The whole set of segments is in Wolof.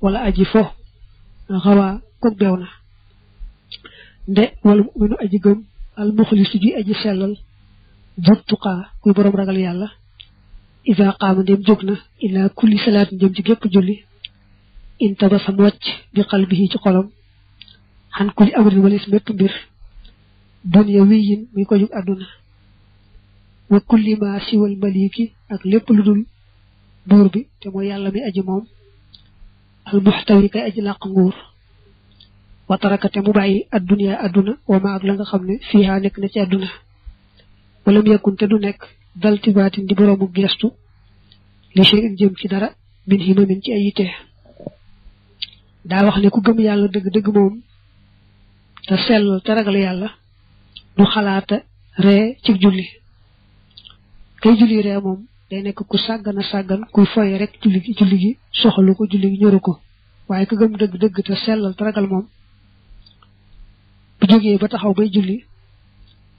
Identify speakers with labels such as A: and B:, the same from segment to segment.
A: wala aji fo xawaa kog beew na nde wala muminu aji gëm al muxlisu ji aji sellal jurtuqaa kuy boroom ragal yàlla isa qaama ndem jóg na ila kulli salaat jëm ci gépp julli in tabasa mu wàcc bi qalbihi ci xolam xan kulli amrin walis mépp mbir dunya wiyin muy ko jug àdduna wa kulli ma siwal maliki ak lépp lu dul buur bi te mooy yàlla mi aji moom almuxtawi kay aji làq nguur wa tarakate mu bàyyi adduna wa ma ak la nga xam ne nekk na ci adduna walam yakun te du nekk daltibaatin di boroomu gestu li shay'in jëm ci dara min himamin ci ay daa wax ne ku gëm yàlla dëgg-dëgg moom te sell te ragal yàlla du xalaata ree ci julli kay julli ree moom day nekk ku sàggana sàggan kuy foye rek julli gi julli gi soxalu ko julli gi ñoru ko waaye ku gëm dëgg dëgg te sellal te ragal moom bu jógee ba taxaw bay julli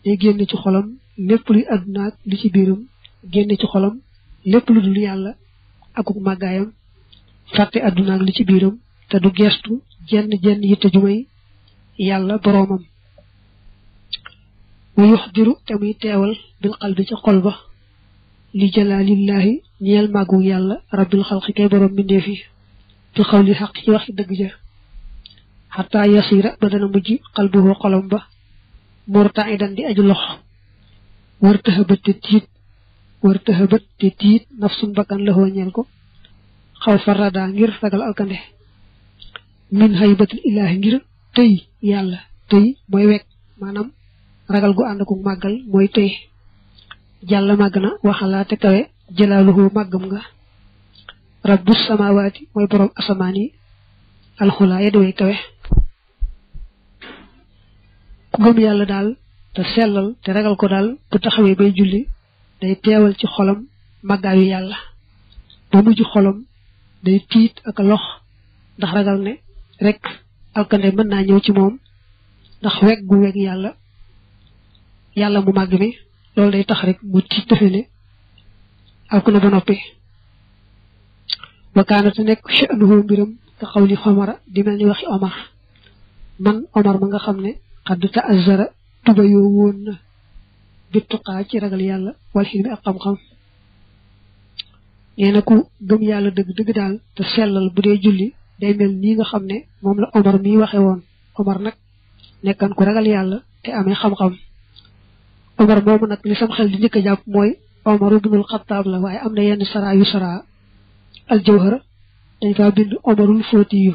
A: day génn ci xolam lépp àdduna li ci biiram génn ci xolam lépp lu dul yàlla akuk màggaayam fàtte àdduna ak li ci biiram te du geestu jenn jenn yitte jumay yàlla boroomam mu yux diru te muy teewal bil xal bi ca xol ba li jalaalillahi ñeel màggu yàlla rabbil xalqi kay borom mbindeef yi bi xawli xaq ci wax dëgg ja xataa yasira ba dana mujj xalbuhu xolam ba murtaidan di aju lox war taxabat te tiit war taxabat bakkan la ñeel ko xaw farada ngir ragal alkande min haybatil ilaahi ngir tëy yàlla tëy mooy wekk maanaam ragal gu ànd ku màggal mooy tëy jàll màgg na waxalaa te kawe jëlaaluhu màggam nga rabbu samawaati mooy borom asamaan yi alxulaa ya di way kawe ku gëm yàlla daal te sellal te ragal ko daal bu taxawee bay julli day teewal ci xolam màggaayu yàlla ba mujj xolom day tiit ak lox ndax ragal ne rek alkande mën naa ñëw ci moom ndax weg gu weg yàlla yàlla mu màgg mi loolu day tax rek mu ci defe ne alku na ba noppi wakaanate nekk cha'nuhu mbiram ka xawli xomara di mel ni waxi omar man omar ma nga xam ne xadd ta azara tuba yoo woon na bittuqaa ci ragal yàlla wal xilmi ak xam-xam nee ku gëm yàlla dëgg dëgg daal te sellal bu dee julli day mel nii nga xam ne moom la omar mii waxe woon omar nag nekkan ku ragal yàlla te amee xam-xam Omar boobu nag li sam xel di njëkk a jàpp mooy Omar ibnul Xattaab la waaye am na yenn saraa yu saraa aljawhara dañ faa bind Omarul Fóoti yu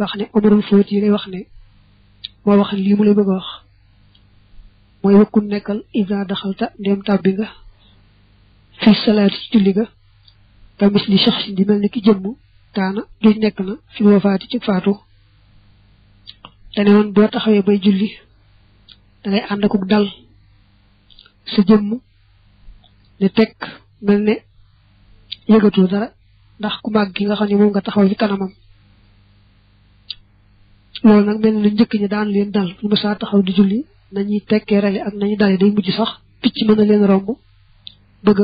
A: wax ne Omarul Fóoti lay wax ne moo wax lii mu lay bëgg a wax mooy wakkun nekkal isa daxalta ndéem tàbbi nga fi salaat ci julli ga te mis li shaxsin di mel ni ki jëmm taana duñ nekk na fi wafaati ci faatu te ne woon boo taxawee bay julli da ngay ànd akuk dal sa jëmm ne tekk mel ne yëgatoo dara ndax ku màgg gi nga xam ne moom nga taxaw ci kanamam loolu nag mel ne lu njëkk ñi daan leen dal bu mësaa taxaw di julli nañuy tekkee rale ak nañu dale day mujj sax picc mën na leen romb bëgg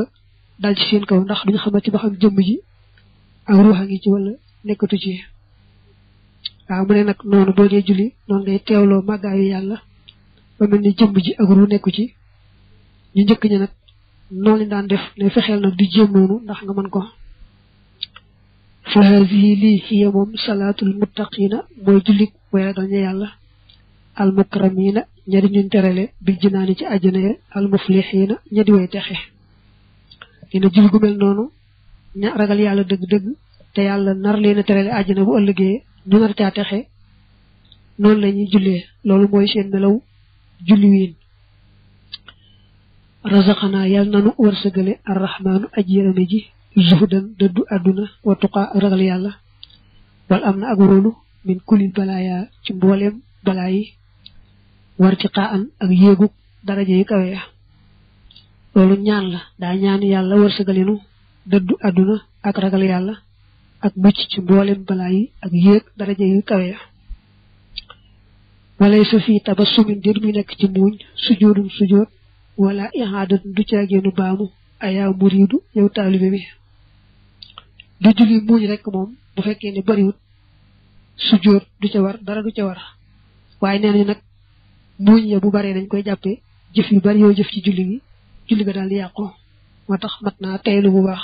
A: dal ci seen kaw ndax duñu xamante ba xam jëmm ji ak ruuxa ngi ci wala nekkatu ci waaw mu ne nag noonu boo dee julli noonu ngay teewloo màggaayu yàlla ba mel ni jëmm ji ak ru nekku ci ñu njëkk ñi nag noonu daan def ne fexeel nag di jéem noonu ndax nga man ko fa haadihi lii yi moom salaatul muttaqina mooy jullik waya dañu yàlla almukramina ña di ñuñ terale bil jinaani ci àjjana ya almuflixina ña di way texe nee na gu mel noonu ña ragal yàlla dëgg-dëgg te yàlla nar leen a terale bu ëllëgee ñu nar caa texe noonu la ñuy jullee loolu mooy seen julli wiin razaqanaa yàlla nanu wërsëgale arrahmaanu aj yërëme ji zuhdan dëddu àdduna wa tuqaa ragal yàlla wal am na ak róolu min kulil balaayaa ci mbooleem balaa yi war an ak yéegug daraja yi kawe ya loolu ñaan la daa ñaan yàlla wërsëgalinu dëddu àdduna ak ragal yàlla ak mucc ci mboolem balaa yi ak yéeg daraja yi kawe ya walay sa fii tabassumin déet muy nekk ci muuñ sujjóodum sujjóot wala ihaadat du caageenu baamu ayaa muriidu yow taalibe bi du julli muuñ rek moom bu fekkee ne bariwut sujjóot du ca war dara du ca war waaye nee nañu nag muuñ ya bu baree dañ koy jàppee jëf yu bari yoo jëf ci julli gi julli ga daal di yàqu moo tax mat naa teylu bu waax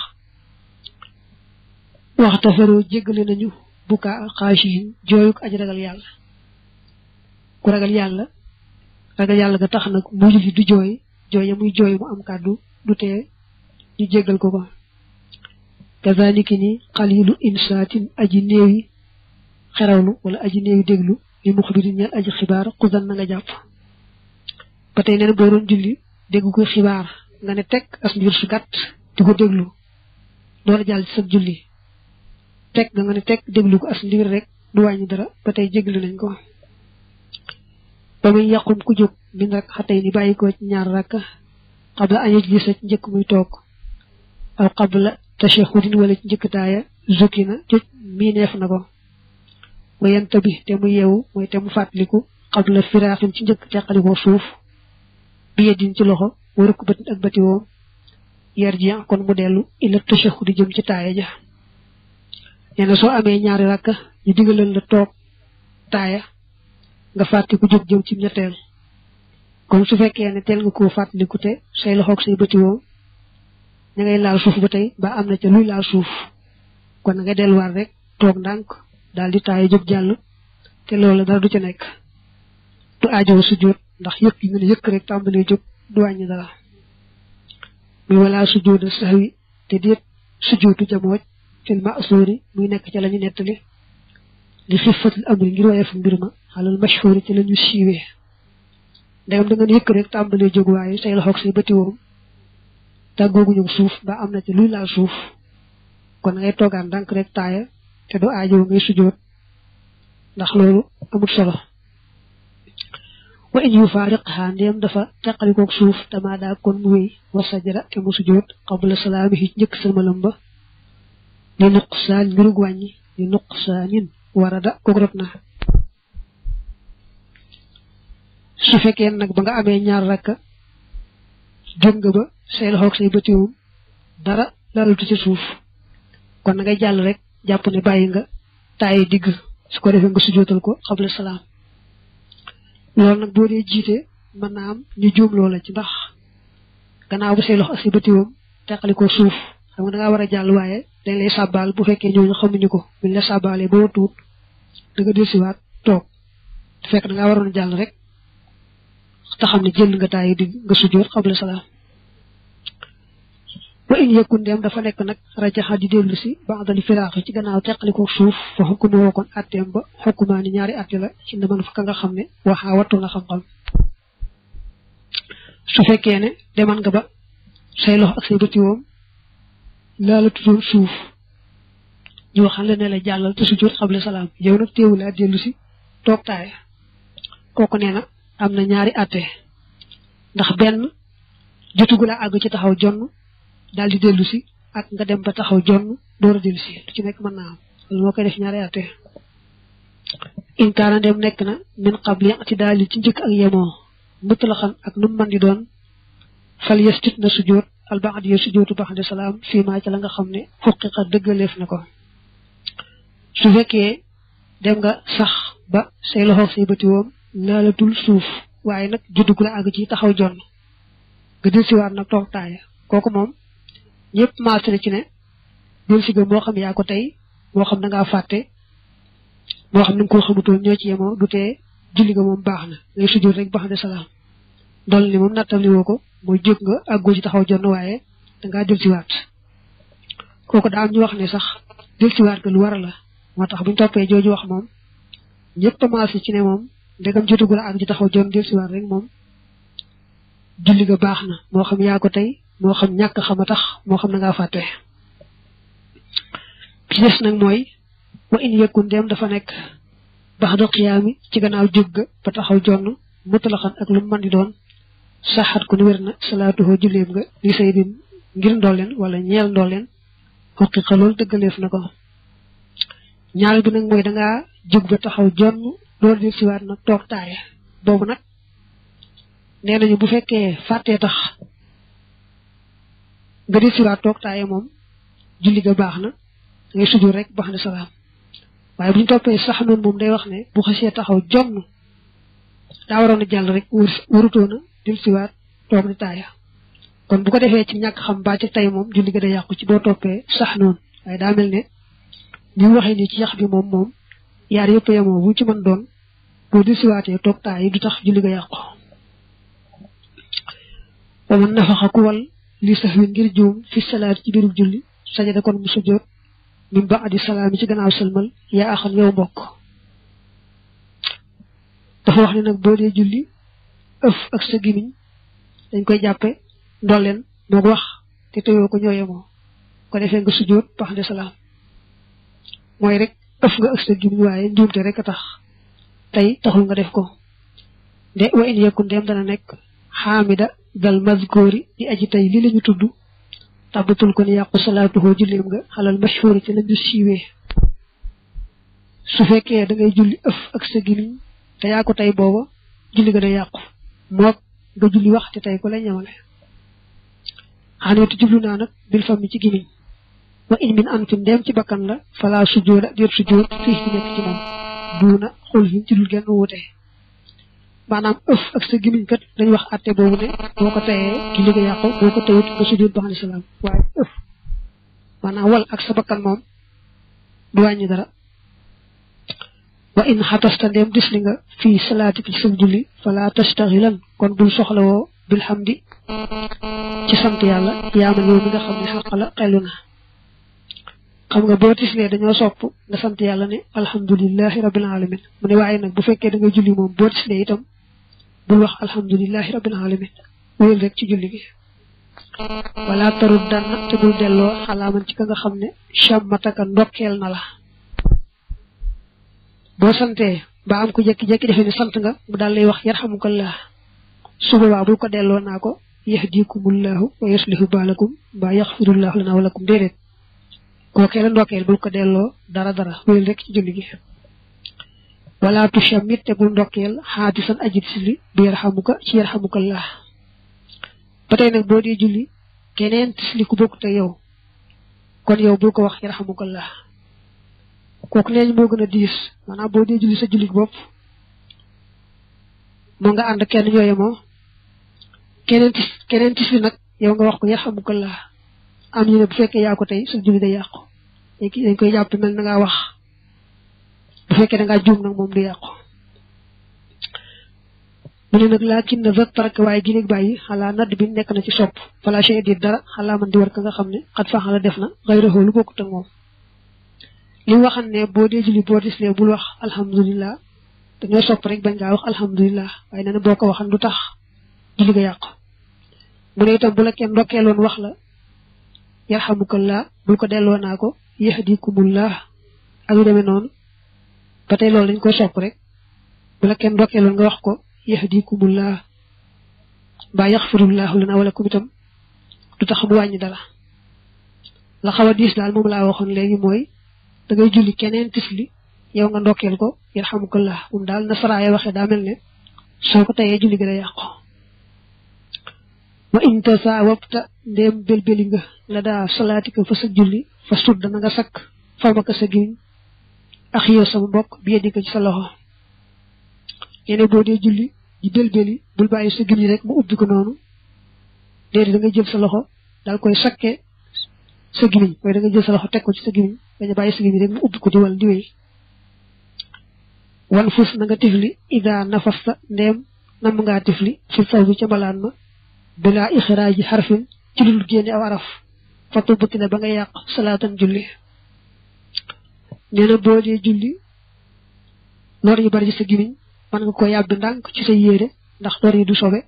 A: waxta feroo jéggale nañu bukka xaashiin jooyuk aj ragal yàlla ragal yàlla ragal tax nag mu julli du jooy jooye muy jooy mu am kàddu du tee ñu jégal ko ko kazaliki ni xalilu insaatin aji néewi xerawlu wala aji néewi déglu li muxbirin ñeel aji xibaar xusan na nga jàpp ba tey nee na julli dégg koy xibaar nga ne teg as mbir su gàtt di ko déglu loola jàll ci julli teg nga nga ne teg déglu ko as mbir rek du wàññi dara ba tey jéggalu nañ ko ba muy yàqum ku jóg mi rek xatay ni bàyyi ko ci ñaar rakk qabla an njëkk muy toog aw qabla tashahudin wala ci njëkk taaya zukki na jot miineef na ko wa yenta bi te mu yeewu mooy te mu fàttaliku qabla firaaxin ci njëkk teqalikoo suuf bi yeddin ci loxo wa rukbatin ak batiwoo yarji kon mu dellu ila tashahudi jëm ci taaya ja nee soo amee ñaari rakk ñu digalal la toog taaya nga ku jóg jëm ci ñetteel kon su fekkee ne teel nga koo fàttaliku te say loxoog say bëti moom da ngay laal suuf ba tey ba am na ca luy laal suuf kon nga delluwaat rek toog ndànk daal di taayu jóg jàll te loolu dara du ca nekk du aajow sujjóot ndax yëkk yi nga ne yëkk rek tàmbalee jóg du wàññi dara muy wala sujjóotu sahwi te déet sujjóotu jamooj fil ma'suuri muy nekk ca la ñu nettali li xifatul amri ngir waye fu mbir ma xalal mashhuuri ci la ñu siiwee ndegam da nga yëkk rek tàmbalee jóg waaye say loxoog say bëti woom tàggooguñu suuf ba am na ci luy la suuf kon ngay toogaan ndànk rek taaya te du aajo ngay sujjoot ndax loolu amul solo wa in yu faariqha ndéem dafa teqalikoog suuf damaa daa kon mu wéy wa sajara te mu sujjoot qabla salaamihi njëkk salmalam ba li nuqsaan ngirug wàññi li nuqsaanin warada koog rot na su fekkee nag ba nga amee ñaar rakka jóg nga ba say loxoog say dara lalutu ci suuf kon na ngay jàll rek jàpp ne bàyyi nga taayi digg su ko defee nga sujootal ko xabla salaam loolu nag boo dee jiite mën naa am ñu juum loola ci ndax gannaaw bu say loxo si bëti moom ko suuf xam nga da ngaa war a jàll waaye dañ lay sàbbaal bu fekkee ñooñu xamuñu ko buñ la sàbbaalee ba watuwut da nga dellusiwaat toog fekk da ngaa waroon jàll rek te xam ne jël nga taay di nga sujjóot xabla salaam wa in yëkkun ndeem dafa nekk nag rajaxa di dellu si bandali firaax ci gannaaw teqaliko suuf fa xukkumu ñaari atte la ci ka nga xam ne waxaa wattu na xam-xam su fekkee deman nga ba say loxo ak say bëti woom laa la tuddoon suuf ñu waxal la ne jàllal te sujjóot xabla salaam yow nag téewu laa dellu si toog taaya kooku nee na am na ñaari atte ndax benn jotugul a àgg ci taxaw jonn daal di dellu si ak nga dem ba taxaw jonn door a dellu ci nekk man naa am loolu moo koy def ñaari atte inkaana dem nekk na min qabli ci daal di ci njëkk ak yemoo mutlaxan ak nu mu mën di doon fal yastit na sujoot albaad yo sujootu baxde salaam fii maa ci la nga xam ne xuqiqa dëggaleef na ko su fekkee dem nga sax ba say loxo say bëti tul suuf waaye nag juddu la àgg ci taxaw jonn nga del siwaat nag toog taaya kooku moom ñëpp maase na ci ne del si ga xam yaa ko tey moo xam da ngaa fàtte moo xam ni ko xamutoon ñoo ci yemoo du tee julli ga moom baax na ngay sujjóot rek baax na salaam dool ni moom nattam li woo ko mooy jóg nga àggoo ci taxaw jonn waaye dangaa del siwaat kooku daa am ñu wax ne sax del siwaat ga lu war la moo tax buñu toppee jooju wax moom ñëpp maase ci ne moom ndegam jotagul a am ci taxaw jom del siwaat rek moom julli ga baax na moo xam yaa ko tey moo xam ñàkk xam a tax moo xam na ngaa fàtte ci des nag mooy wa in yëkkun dem dafa nekk bax da xiyaami ci gannaaw jóg ga ba taxaw jonn mutalaxan ak lu mu mën di doon saxaat ku ne wér na salaatuhoo julleem nga li say din ngir ndooleen wala ñeel ndooleen xoqi xalool dëggaleef na ko ñaar bi nag mooy dangaa jóg ba taxaw jonn loolu del si waat nag toog taaya boobu nag nee nañu bu fekkee fàttee tax nga del si waat toog taaya moom julli ga baax na ngay sujur rek baax na salaam waaye bu ñu toppee sax noonu moom day wax ne bu xasee taxaw jonn daa jàll rek warutoona del si toog di taaya kon bu ko defee ci ñàkk xam ba ci tey moom julli ga day yàqu ci boo toppee sax noonu waaye daa mel ne waxee nii ci yax bi moom moom yaar yëpp yemoo bu ci mën doon boo di siwaatee toog taa du tax julli ga yàqu wa man nafaxa ku wal li sax wi ngir juum fi salaat ci biirub julli sajada kon mu sujjóot min ba adi salaam yi ci gannaaw sëlmal yaa axal yow mbokk dafa wax ne nag boo dee julli ëf ak sa gimiñ dañ koy jàppe ndolleen moog wax te tëyoo ko ñooye moo ko defee nga sujjóot pax de salaam mooy rek ëf nga ak sa gimiñ waaye njuumte rek a tax tey taxul nga def ko de wa in yakun dem dana nekk xaamida dal mazkuri di aji tey lii la ñu tudd tabatul kon yàqu salaatuhu julleem nga xalal mashhuri ci lañu siiwee su fekkee da julli ëf ak sa gimiñ te yaa ko tey booba julli gën a yàqu moog nga julli wax te tey ko lay ñamale xanwetu jublu naa nag bil fam ci gimiñ wa in min anfin dem ci bakkan la fala sujjóoda déet sujjóot fii ci nekk ci moom duuna xul hin ci dul genn wuute maanaam ëf ak sa gimiñ kat dañ wax atte boobu ne boo ko tayee julli nga yàqu boo ko tayut nga sujjóot ba xam waaye ëf maanaam wal ak sa bakkan moom du wàññi dara wa in xatasta ndéem dis li nga fii salaatika ci sam julli fala tastaxilan kon bul soxlawoo bilhamdi ci sant yàlla yaaman yow mi nga xam ne xàq la xelu na xam nga boo tislee dañoo sopp nga sant yàlla ne alhamdulilahi rabbil alamin mu ne waaye nag bu fekkee da nga julli moom boo tislee itam bul wax alhamdulilahi rabbil alamin wéyal rek ci julli gi wala tarut danna te bul delloo xalaaman ci ka nga xam ne chammataka ndokkeel na la boo santee ba am ko jékki-jékki defe ne sant nga mu daal lay wax la su boobaa bul ko delloo naa ko yahdikumullahu wa yuslihu baalakum mbaa yaxfirullahu lana walakum déedéet kookee la ndokkeel bul ko delloo dara dara wéyal rek ci julli gi wala tushamit te bul ndokkeel xaadisan aji di sili bi yarxamuka ci yarxamukallah ba tey nag boo dee julli keneen tisli ku bokkut ak yow kon yow bul ko wax yarxamukallah kooku nee ñu moo gën a diis maanaam boo dee julli sa julli bopp moo nga ànd kenn ñooye moo keneen tis keneen tisli nag yow nga wax ko yarxamukallah am ñu ne bu fekkee yaa tey sa julli day yàqu léegi dañ koy yàpp mel na ngaa wax bu fekkee da ngaa na nag moom du yàqu mu ne nag laakin na ba park waaye giléeg bàyyi xalaa nadd bi nekk na ci sopp wala chey di dara xalaa man di war ka nga xam ne xat faxala def na ngay raxoolu ko ak moom li mu waxan ne boo de julli boo dislee bul wax alhamdulilah dañoo sopp rek bañ ngaa wax alhamdulilah waaye nee na boo ko waxan du tax julli nga yàqu mu ne itam bu la kenn la yarhamukallah bul ko delloo naa ko yahdikumullah ak yu demee noonu ba tey loolu dañ koy sopp rek bu la kenn dokkee loolu nga wax ko yahdikumullah mbaa yaxfirullahu lana wala kum itam du tax mu wàññi dala la xaw a diis daal moom laa waxoon léegi mooy da ngay julli keneen tifli yow nga ndokkeel ko yarhamukallah moom daal nasaraaya waxee daa mel ne soo ko tayee julli gi day yàqu wa inta saa wapta ndéem belbeli nga la daa salaatika fa sa julli fa sudda na nga sakk fabaka sa gimiñ axiya sama mbokk bi yeddi ko ci sa loxo yene boo dee julli di belbeli bul bàyyi sa gimiñ rek mu ubbi ko nga jël sa loxo daal koy sakkee sa gimiñ mooy jël sa teg ko ci sa gimiñ dañu ko di wal di wan fus na nga tifli ida nafasta ndéem nam ngaa tifli fi saw bi ca balaan ma bilaa ixraaji xarfin ci dul génne aw araf fa tubbati ba nga yàq salaatan julli nee na boo dee julli lor yu bari sa gimiñ mën nga ko yàbbi ndànk ci sa yéere ndax lor yi du sobe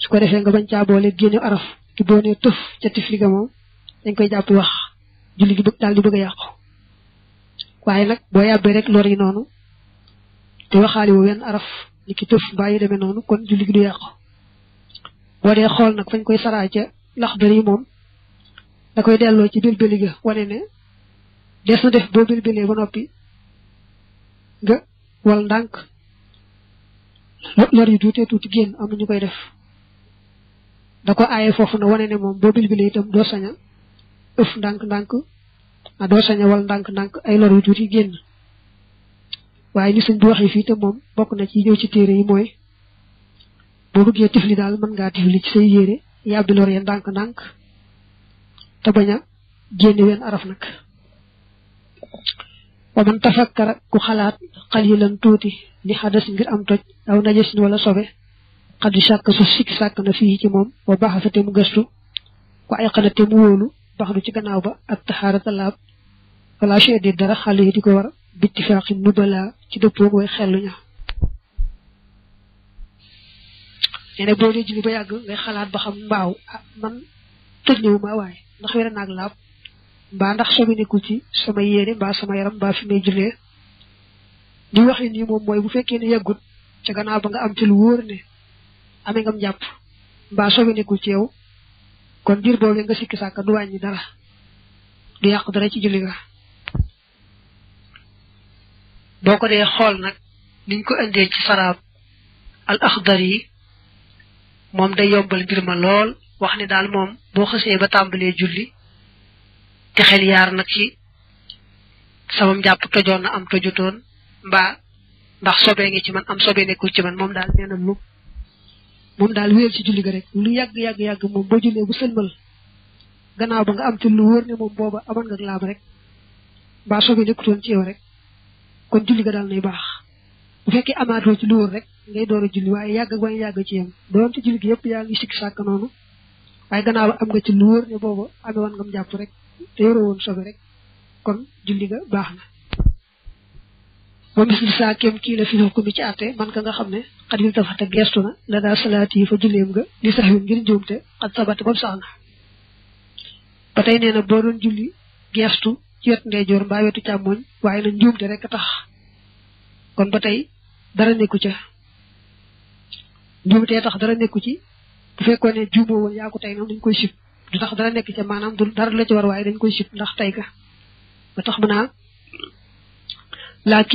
A: su ko defee nga bañ caa boole génne araf ki boo nee tëf ca tifli moom dañ koy jàpp wax julli daal di bëgg a yàqu waaye nag boo yàbbee rek lor yi noonu te waxaale wu wenn araf ni ki tëf mbaa yi noonu kon julli gi du yàqu boo dee xool nag fañ koy saraa ca laxdar yi moom da koy delloo ci bilbili ga wane ne des na def boo bilbilee ba noppi nga wal ndànk lor yu tuutee tuuti génn am ñu koy def da ko aaye foofu na wane ne moom boo bilbilee itam doo saña ëf ndànk-ndànk a doo saña wal ndànk-ndànk ay lor yu tuuti génn waaye li sëñ bi waxee fii te moom bokk na ci ñëw ci téere yi mooy boo bëggee tifli daal mën ngaa tifli ci say yére yaa bi lor ya ndànk-ndànk te bañ a génne wenn araf nag wa man tafakkara ku xalaat xalilan tuuti li xadas ngir am toj aw najasin wala sobe xad di sàkk su sikki sàkk na fii ci moom wa baax sa te mu gëstu ku ay xana te wóolu baax du ci gannaaw ba ak taxaarata laab wala chedi dara xale yi di ko war bittifaaqi nubala ci dëppoog way xellu nee na boo ba yàgg ngay xalaat ba xam mbaaw ah man tëj ñëwu ma waaye ndax wér naag laab mbaa ndax sobi nekkul ci sama yéene mbaa sama yaram mbaa fi may jullee bu fekkee ne yàggut ca gannaaw ba nga am ci lu wóor ne jàpp mbaa sobi nekkul ci yow kon diir boobu nga sikki sàkka du wàññi dara du yàq dara ci julli ga boo ko dee xool nag niñ ko indee ci saraab al axdar yi moom day yombal mbir ma lool wax ni daal moom boo xësee ba tàmbalee julli te xel yaar nag ci sama njàpp tojoon na am tojutoon mbaa ndax sobee ngi ci man am sobee nekkul ci man moom daal nee na moom daal wéyal ci julli ga rek lu yàgg yàgg yàgg moom boo jullee bu sëlmal gannaaw ba nga am ci lu wóor ne moom booba amoon nga laab rek mbaa sobee nekkutoon ci yow rek kon julli ga daal nay baax bu fekkee amaatoo ci lu wër rek ngay door a julli waaye yàgg ak bañ ci yem doonte julli gi yëpp yaa ngi sikk sàkk noonu waaye gannaaw am nga ci lu wër ne boobu amee woon ngam jàpp rek te yore woon sobe rek kon julli nga baax na ba bis li saa kéem kii la fi na ko mi ci àtte man ka nga xam ne xat yil dafa te gestu na la daa salaati yi fa julleem nga li sax yu ngir njuumte xat sabate ba sax na ba tey nee na boo doon julli gestu ci wet ndeyjoor mbaa wetu càmmoñ waaye na njuumte rek tax kon ba tey dara nekku ca njuumtee tax dara nekku ci bu fekkoon ne juumoo woon yaa ko tey moom dañ koy sib du tax dara nekk ca maanaam du dara la ci war waaye dañ koy sib ndax tey ka ba tax mën naa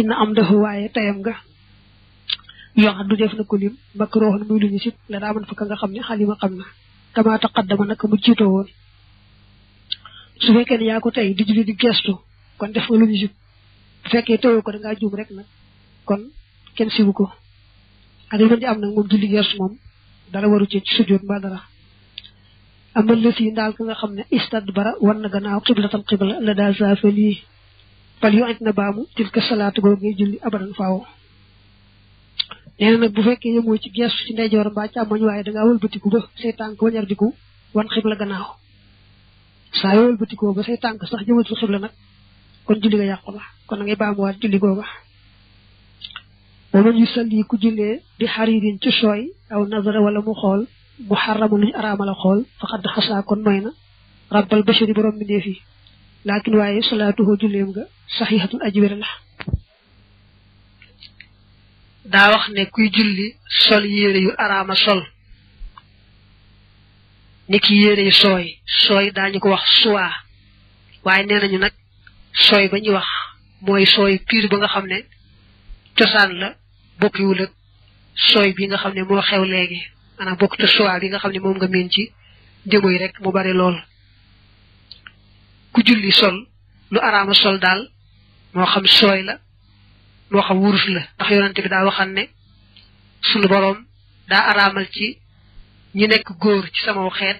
A: na am dafa waaye tayam nga yoo xam du def na ko lim makruuhun muy lu ñu sib la daa mën fa ka nga xam ne xalima xam na kama taqaddama nag mu jiitoo woon su fekkee ne yaa ko tey di julli gestu kon def nga lu ñu sib bu fekkee teyoo ko dangaa juum rek nag kon kenn siwu ko ak yi di am nag moom julli gers moom dara waru ci sujjóot mbaa dara amal lës yi daal ki nga xam ne istad bara war na gannaaw xiblatan xibla la daal saafel yi pal yu ant na baamu tilka salaatu googee julli abadan faaw nee nag bu fekkee yemoo ci gestu ci ndeyjoor mbaa càmmoñ waaye dangaa wëlbatiku ba say tànk wañar diku wan xibla gannaaw saa yoo ba say tànk sax jëmatul xibla nag kon julli nga yàqu la kon na ngay baamuwaat julli googa wa man yusalli ku jullee bi xaririn ci sooy aw nazara wala mu xool mu xaramu luñu araamal a xool faqad xasaa kon noy na rabbal bashari borom bi ndee fi laakin waaye salaatuhu julleem nga saxiixatun aji wér la daa wax ne kuy julli sol yére yu araama sol ni ki yére yu sooy sooy daañu ko wax suwaa waaye nee nañu nag sooy ba ñuy wax mooy sooy piir ba nga xam ne cosaan la bokkiwul ak sooy bi nga xam ne moo xew léegi maanaam bokkut ak soowaa bi nga xam ne moom nga miin ci démoy rek mu bari lool ku julli sol lu araama sol daal moo xam sooy la moo xam wurus la ndax yonante bi daa waxan ne sunu boroom daa araamal ci ñi nekk góor ci sama xeet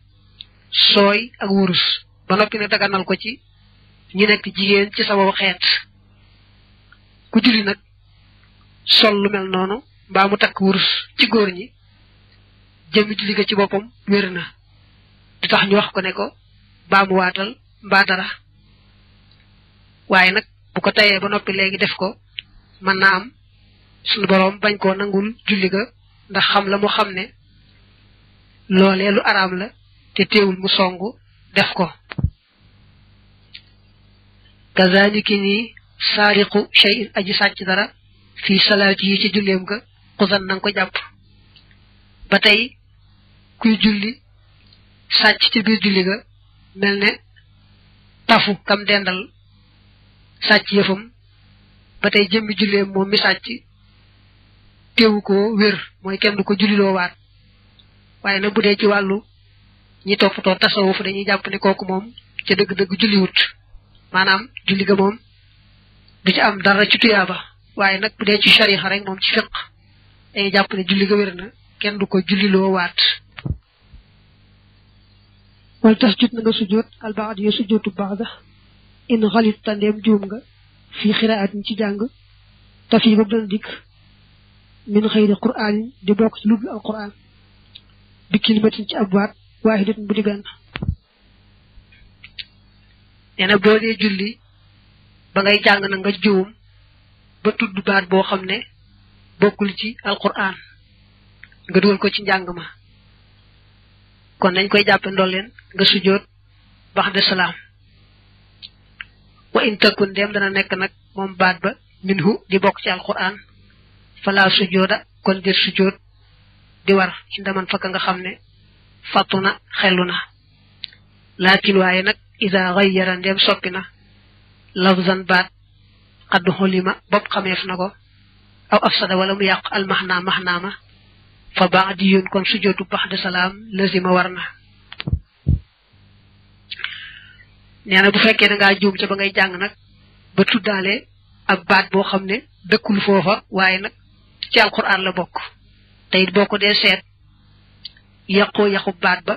A: sooy ak wurus ba noppi nag daganal ko ci ñi nekk jigéen ci sama xeet ku julli nag sol lu mel noonu mbaa mu takk wurus ci góor ñi jëmmi julli ga ci boppam wér na di tax ñu wax ko ne ko mbaa mu waatal mbaa dara waaye nag bu ko tayee ba noppi léegi def ko mën naa am suñu boroom bañ koo nangul julli ga ndax xam la mu xam ne loolee lu araam la te teewul mu songu def ko kazaliki ni saariqu shay'in aji sàcc dara fii salaat ci julleem nga xusan na ko jàpp ba tey kuy julli sàcc ci biir julli ga mel ne tafu kam dendal sàcc yëfam ba tey jëmmi julleem moom mi sàcc teewu ko wér mooy kenn du ko julliloo waat waaye nag bu dee ci wàllu ñi toppatoo tasawuf dañuy jàpp ne kooku moom ca dëgg-dëgg julliwut maanaam julli ga moom du ci am dara ci tuyaaba waaye nag bu dee ci shari'a rek moom ci fiq dañuy jàpp ne julli ga wér na kenn du ko julliloo waat wala tas jut na nga sujjóot albaad yo sujjóotu baax in xalit tandeem juum nga fii xiraat ci jàng ta yi ba dana dikk min xëyri quraan di bokk ci ludul al quraan bi kilimatin ci ab waat waahidatin bu di benn nee na julli ba ngay jàng na nga juum ba tudd baat boo xam ne bokkul ci alquran nga dugal ko ci njàng ma kon dañ koy jàppe ndol leen nga sujjoot bax de salaam wa in takun dem dana nekk nag moom baat ba minhu di bokk ci alquran fala sujjooda kon dir sujjoot di war ci ndaman fakk nga xam ne fàttu na xelu na laakin waaye nag isa xayyara ndem soppi na lafzan baat xadd xulima bopp xameef na ko aw afsada wala mu na almaxnaa maxnaa ma fa baax di yoon kon sujootu bax de salaam lazima war na nee na bu fekkee da ngaa juum ca ba ngay jàng nag ba tuddaale ab baat boo xam ne dëkkul foofa waaye nag ci alquran la bokk te it boo ko dee seet yàqoo yàqu baat ba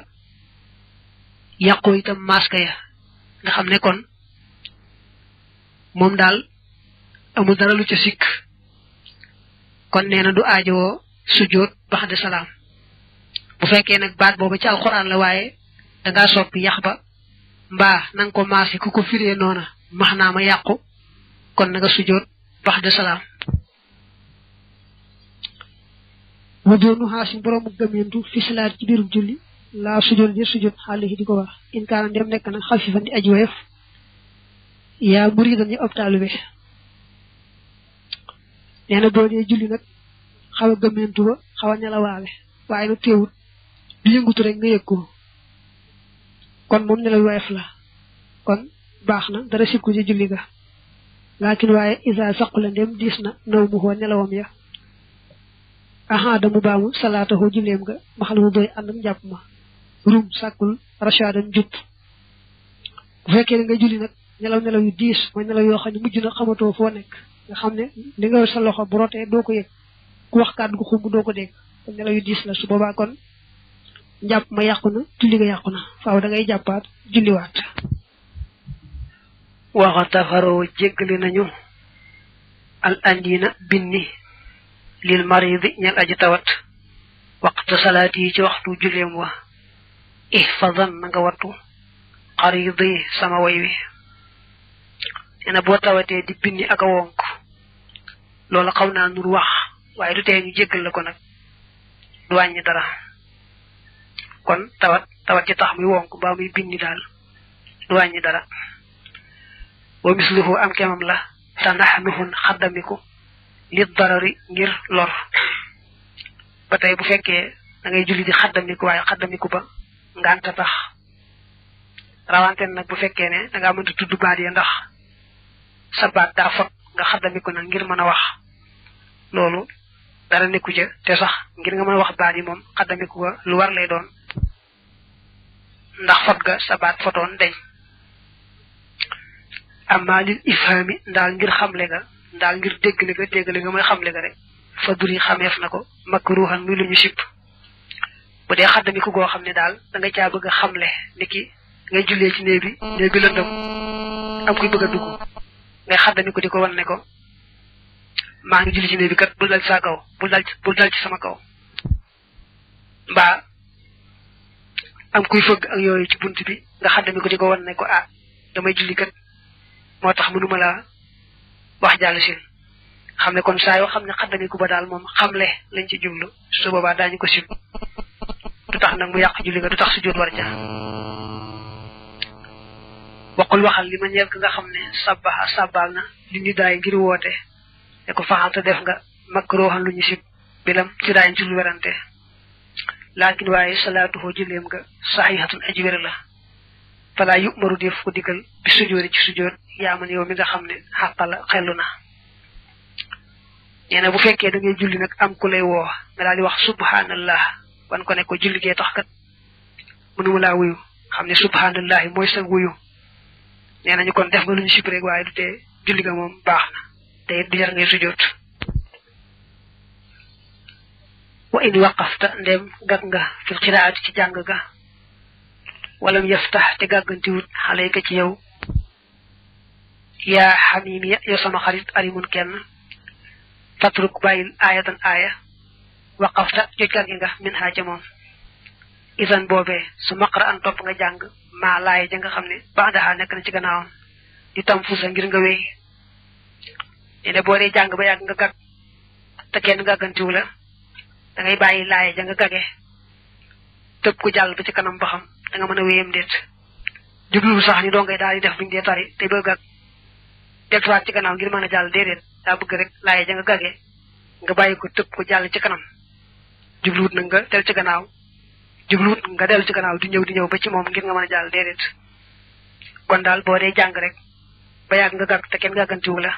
A: yàqoo itam maska ya nga xam ne kon moom daal amul dara lu ca sikk kon nee na du aajowoo sujjóot bax de salaam bu fekkee nag baat boobu ci alxuraan la waaye dangaa soppi yax ba mbaa nanga ko maase ku ko firee noona max naa ma yàqu kon na nga sujjóot bax de salaam mu doonu xaasim boroomu gëmeentu fi salaat ci biirum julli laa sujjóot di sujjóot xaali yi di ko wax in ndem nekk nag xafifan di aji woyof yaa muridan yi optaalu bi nee na boo dee julli nag xaw a gëmmeentu ba xaw a nelawaale waaye nag teewut du yëngutu rek nga yëg ko kon moom nelaw woyof la kon baax na dara sikku ci julli ga laakin waaye isa saqula ndem diis na naw mu koo nelawam ya ahan damu baamu salaata koo julleem nga ma xal mu doy ànd ak njàpp ma rum sàkkul rachaadan njub bu fekkee nga julli nag nelaw nelaw yu diis mooy nelaw yoo xam ne mujj na xamatoo foo nekk nga xam ne li nga sa loxo bu rotee doo ko yëg ku wax kàddu gu xumb doo ko dégg te nelaw yu diis la su boobaa kon njàpp ma yàqu na julli nga yàqu na faaw da ngay jàppaat julliwaat waxatafaroo jéggali nañu al andina binni lil maridi ñel aji tawat waxtu salaat ci waxtu julleem wa ihfadan na nga wattu xaridi sama way wi nee na boo tawatee di binni ak wonk loolu xaw naa nur wax waaye du tee ñu jéggal la ko nag du wàññi dara kon tawat tawat ci tax muy wonk ba muy bind daal du wàññi dara
B: wa misluhu am
A: kemam la te ndax nuhun xaddamiku li darari ngir lor ba tey bu fekkee dangay ngay julli di xaddamiku waaye xaddamiku ba ngànta tax rawante nag bu fekkee ne da ngaa tudd baat ya ndax sa baat daa fot nga xaddamiku nag ngir mën a wax loolu dara nekku ca te sax ngir nga mën wax baat yi moom xaddamiku ko lu war lay doon ndax fot ga sa baat fotoon dañ amma lil ifhaami ndaal ngir xamle ga ndaal ngir dégg li nga dégg li nga mooy xamle ga rek fa xameef na ko makruhan muy lu ñu sipp bu dee xaddamiku goo xam ne daal da nga caa bëgg a xamle ni ki ngay jullee ci néeg bi néeg bi am kuy bëgg a dugg ngay xaddamiku di ko wan ne ko maa ngi julli ci ne bi kat bul dal ci sa kaw bul dal ci sama kaw mbaa am kuy fëgg ak yooyu ci bunt bi nga xaddami ko di ko wan ne ko ah damay julli kat moo tax mënuma laa wax jàll sin xam ne kon saa yoo xam ne xaddami ko ba daal moom xamle lañ ci jublu su boobaa daañu ko sin du tax nag mu yàq julli nga du tax su jot war ca bokkul waxal li ma ñeer nga xam ne sabbaha sabbal na li ñu daay ngir woote ne ko faxalta def nga makk lu ñu sib bilam ci daañ ci lu werante laakin waaye salaatuhoo julleem nga saxiixatun aji wér la falaa yu maru def ko digal bi sujoori ci sujoor yaaman yow mi nga xam ne xàqala xellu na nee bu fekkee da ngay julli nag am ku lay woo nga daal di wax subhanallah wan ko ne ko julli gee tax kat mënuma laa wuyu xam ne subhanallah mooy sa wuyu nee nañu kon def nga lu ñu rek waaye du tee julli ga moom baax te it du jar ngay sujjóot wa in waqafta ndem gàgg nga fil xiraati ci jàng ga walam yaftax te gàggantiwut xaleyka ci yow yaa xamim ya yow sama xarit arimun kenn fatruk bàyyil aayatan aaya waqafta joj gàggi nga min xaa ca moom isan boobee su maqara an topp nga jàng maa laaya ja nga xam ne ba andaxaa nekk na ci gannaawam di tam fuusa ngir nga wéy nee na boo dee ba yàgg nga gàgg te kenn gàggantiwu la da ngay bàyyi laaye ja nga gàggee tëb ku jàll ba ci kanam ba xam da nga mën a wéyam déet sax ni doo ngay daal di def buñu dee tari te ba gàgg deltuwaat ci gannaaw ngir mën a jàll déedéet daa bëgg rek laaye ja nga gàggee nga bàyyi ko tëb ko jàll ci kanam jubluwut nag nga del ci gannaaw jubluwut nga del ci gannaaw di ñëw di ñëw ba ci moom ngir nga mën a jàll déedéet kon daal boo dee jàng rek ba nga gàgg te kenn gàggantiwu la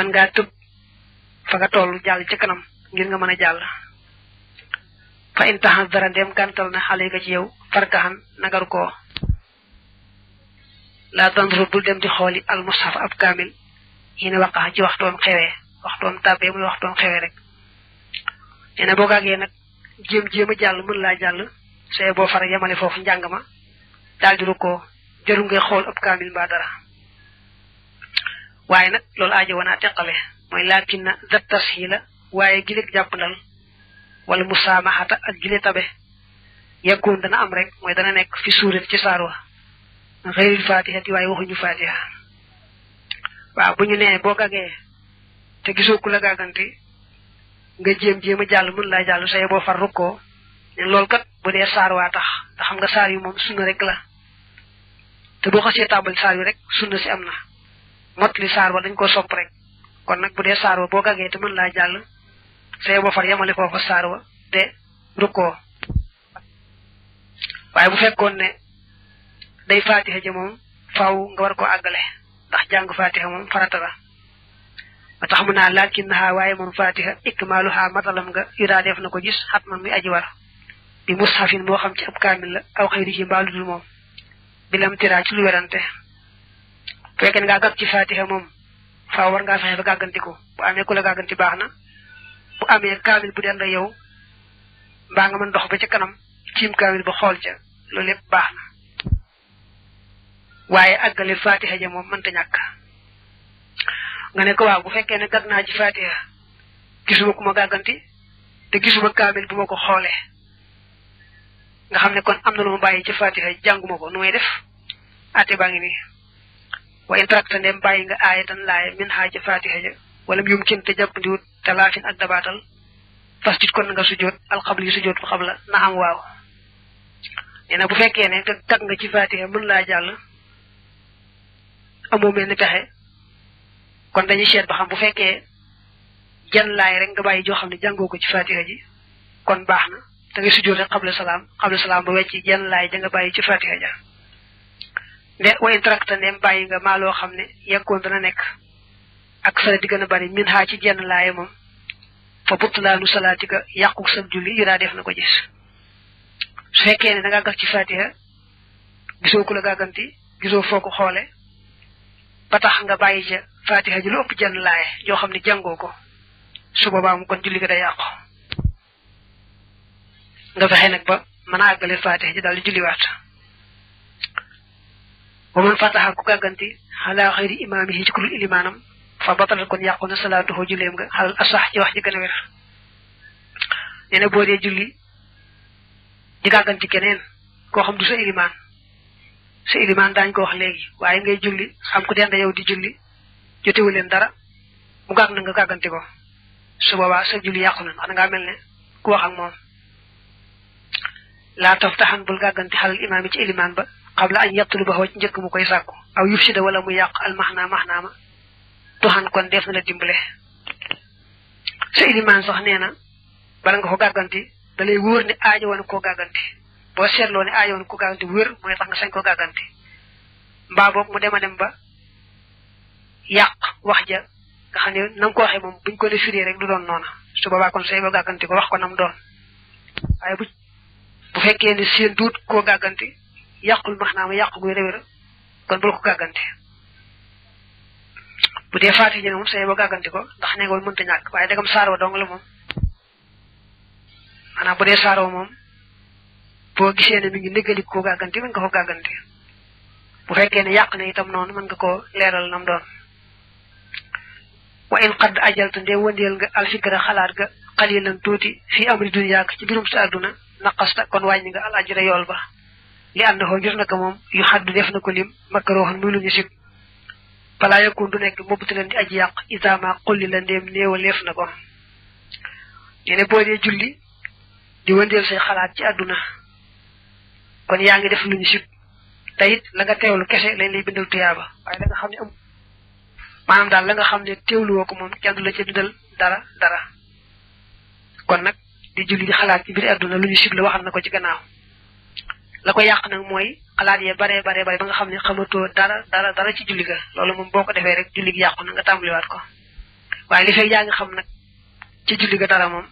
A: man ngaa tëb fa nga jàll ci kanam ngir nga mën a jàll fa in taxan dara ndem gàntal na xale ka ci yow farkaxan nagaru ko laa dandru bul dem di xooli almushaf ab kaamil yi ne waqaxa ci waxtoom xewee waxtoom tàbbee muy waxtoom xewee rek nee na boo gaagee nag jéem jéem a jàll mën laa jàll sooy boo fara yemale foofu njàng ma daal di ru ko jëru ngay xool ab kaamil mbaa dara waaye nag loolu aajo wana naa teqale mooy laakin na dat tasxiila waaye gileeg jàppandal wala musaamaxata ak gile tabe yeggoon dana am rek mooy dana nekk fi suurat ci saar wa xëyril fatihati waaye waxuñu fatiha waaw bu ñu nee boo gagee te gisoo ku la gàgganti nga jéem-jéem a jàll mën laa jàll saye boo far rukkoo ne loolu kat bu dee saar waa tax te xam nga saar yu moom sunna rek la te boo xasee tàmbali saar yu rek sunna si am na mot li saar wa dañ ko sopp rek kon nag bu dee saar wa boo gàggee te mën laa jàll say boo far yemale koo fa saar wa de rukkoo waaye bu fekkoon ne day faatiha ja moom nga war ko àggale ndax jàng faatiha moom farata la ba tax mu naa lakinnaha waaye moom faatiha ikmaaluha matalam nga yudaa def na ko gis xat man muy aji war bi mushafin boo xam ci ab kaamil la aw xëy di ci mbaalu dul moom bilam tiraa ci lu werante fekkee ngaa gàgg ci fatiha moom faaw war ngaa fexe ba gàggantiku bu amee ku la gàgganti baax na bu amee kaamil bu dend yow mbaa nga mën dox ba ca kanam ciim kaamil ba xool ca loolu lépp baax na waaye àggale fatiha ja moom mënta ñàkk nga ne ko waaw bu fekkee ne gàgg naa ci fatiha gisuma ma gàgganti te gisuma kaamil bu ma ko xoolee nga xam ne kon am na lu ma bàyyi ci fatiha jànguma ko nu may def ate baa ngi wa in tarakta ndem bàyyi nga aayatan laaya min xaaja fatiha ja wala mu yumkin te jàpp ndiwut te laafin ak dabaatal fas jit kon nga sujjoot alxabli yi sujjoot bu xabla na am waaw nee na bu fekkee ne nga tag nga ci fatiha mën laa jàll amoo mel ni pexe kon dañuy seet ba xam bu fekkee jan laay rek nga bàyyi joo xam ne jàngoo ko ci fatiha ji kon baax na da ngay sujjoot rek xabla salaam xabla salaam ba wecc jan laay ja nga bàyyi ci fatiha ja nde way tracta ndem bàyyi nga maa loo xam ne yekkoon dana nekk ak sala di gën a bari min xaa ci jenn laaye moom la butlaanu salaatika yàqu sa julli yi daa def na ko gis su fekkee ne da ngaa gas ci fatiha gisoo ku la gàgganti gisoo foo ko xoole ba tax nga bàyyi ca fatiha ji lu ëpp jenn yoo xam ne jàngoo ko su boobaa mu kon julli ga day yàqu nga fexe nag ba mën a àggale fatiha ji daal di julliwaat wa man fataha ku gàgganti xalaa xayri imaamihi ci kudul ilimaanam fa batalat kon yàqu na salaatuhu julleem nga xalal asax ci wax ji a wér nee na boo dee julli di gàgganti keneen koo xam du sa ilimaan sa ilimaan daañ ko wax léegi waaye ngay julli xam ku de denda yow di julli jotewu leen dara mu gàgg na nga gàgganti ko su boobaa sa julli yàqu na ndax da ngaa mel ne ku wax ak moom laa taftaxan bul gàgganti xalal imaam yi ci ilimaan ba qabla an yatlubahu ci njëkk mu koy sàkku aw yufsida wala mu yàq al maxnaa maxnaa ma tuxan kon def na la dimbale sa ilimaan sax nee na bala nga ko gàgganti da lay wóor ne aajo woon koo gàgganti boo seetloo ne aajo woon koo gàgganti mooy tax nga sañ koo gàgganti mbaa a wax ja na ko waxee moom ko defiree rek du doon noona su boobaa kon say ba gàgganti ko wax ko nam doon waaye bu bu fekkee ne seen duut koo gàgganti yàqul maanaam ma yàqu guy réwér kon bul ko gàggante bu dee faati ji moom saye ba gàggante ko ndax ne nga woon mënta ñàkk waaye dagam la moom maanaam bu dee saarwa moom boo gisee ne mi ngi négalik koo gàggante mën nga ko gàggante bu fekkee ne yàq na itam noonu mën nga koo leeral nam doon wa in qad ajaltu nde wëndeel nga alfikra xalaat ga xalilan tuuti fii amri yàq ci birum sa àdduna naqasta kon wàññi nga al ajra yool ba li ànd xoo na naka moom yu xaddu def na ko lim makkarooxan muy lu ñu sib balaa yakun du nekk mobbtu leen di aji yàq isaama xulli la ndéem néewa leef na ko nee boo dee julli di wëndeel say xalaat ci àdduna kon yaa ngi def lu ñu sib te it la nga teewlu kese lañ lay bindal tuyaaba waaye la xam ne am maanaam daal la nga xam ne teewlu ko moom kenn du la ca dara dara kon nag di julli di xalaat ci biir àdduna lu ñu sib la waxal na ko ci gannaaw la ko yàq nag mooy xalaat yee baree baree bare ba nga xam ne xamatoo dara dara dara ci julli ga loolu moom boo ko defee rek julli gi yàqu na nga tàmbaliwaat ko waaye li fekk yaa ngi xam nag ci julli ga dara moom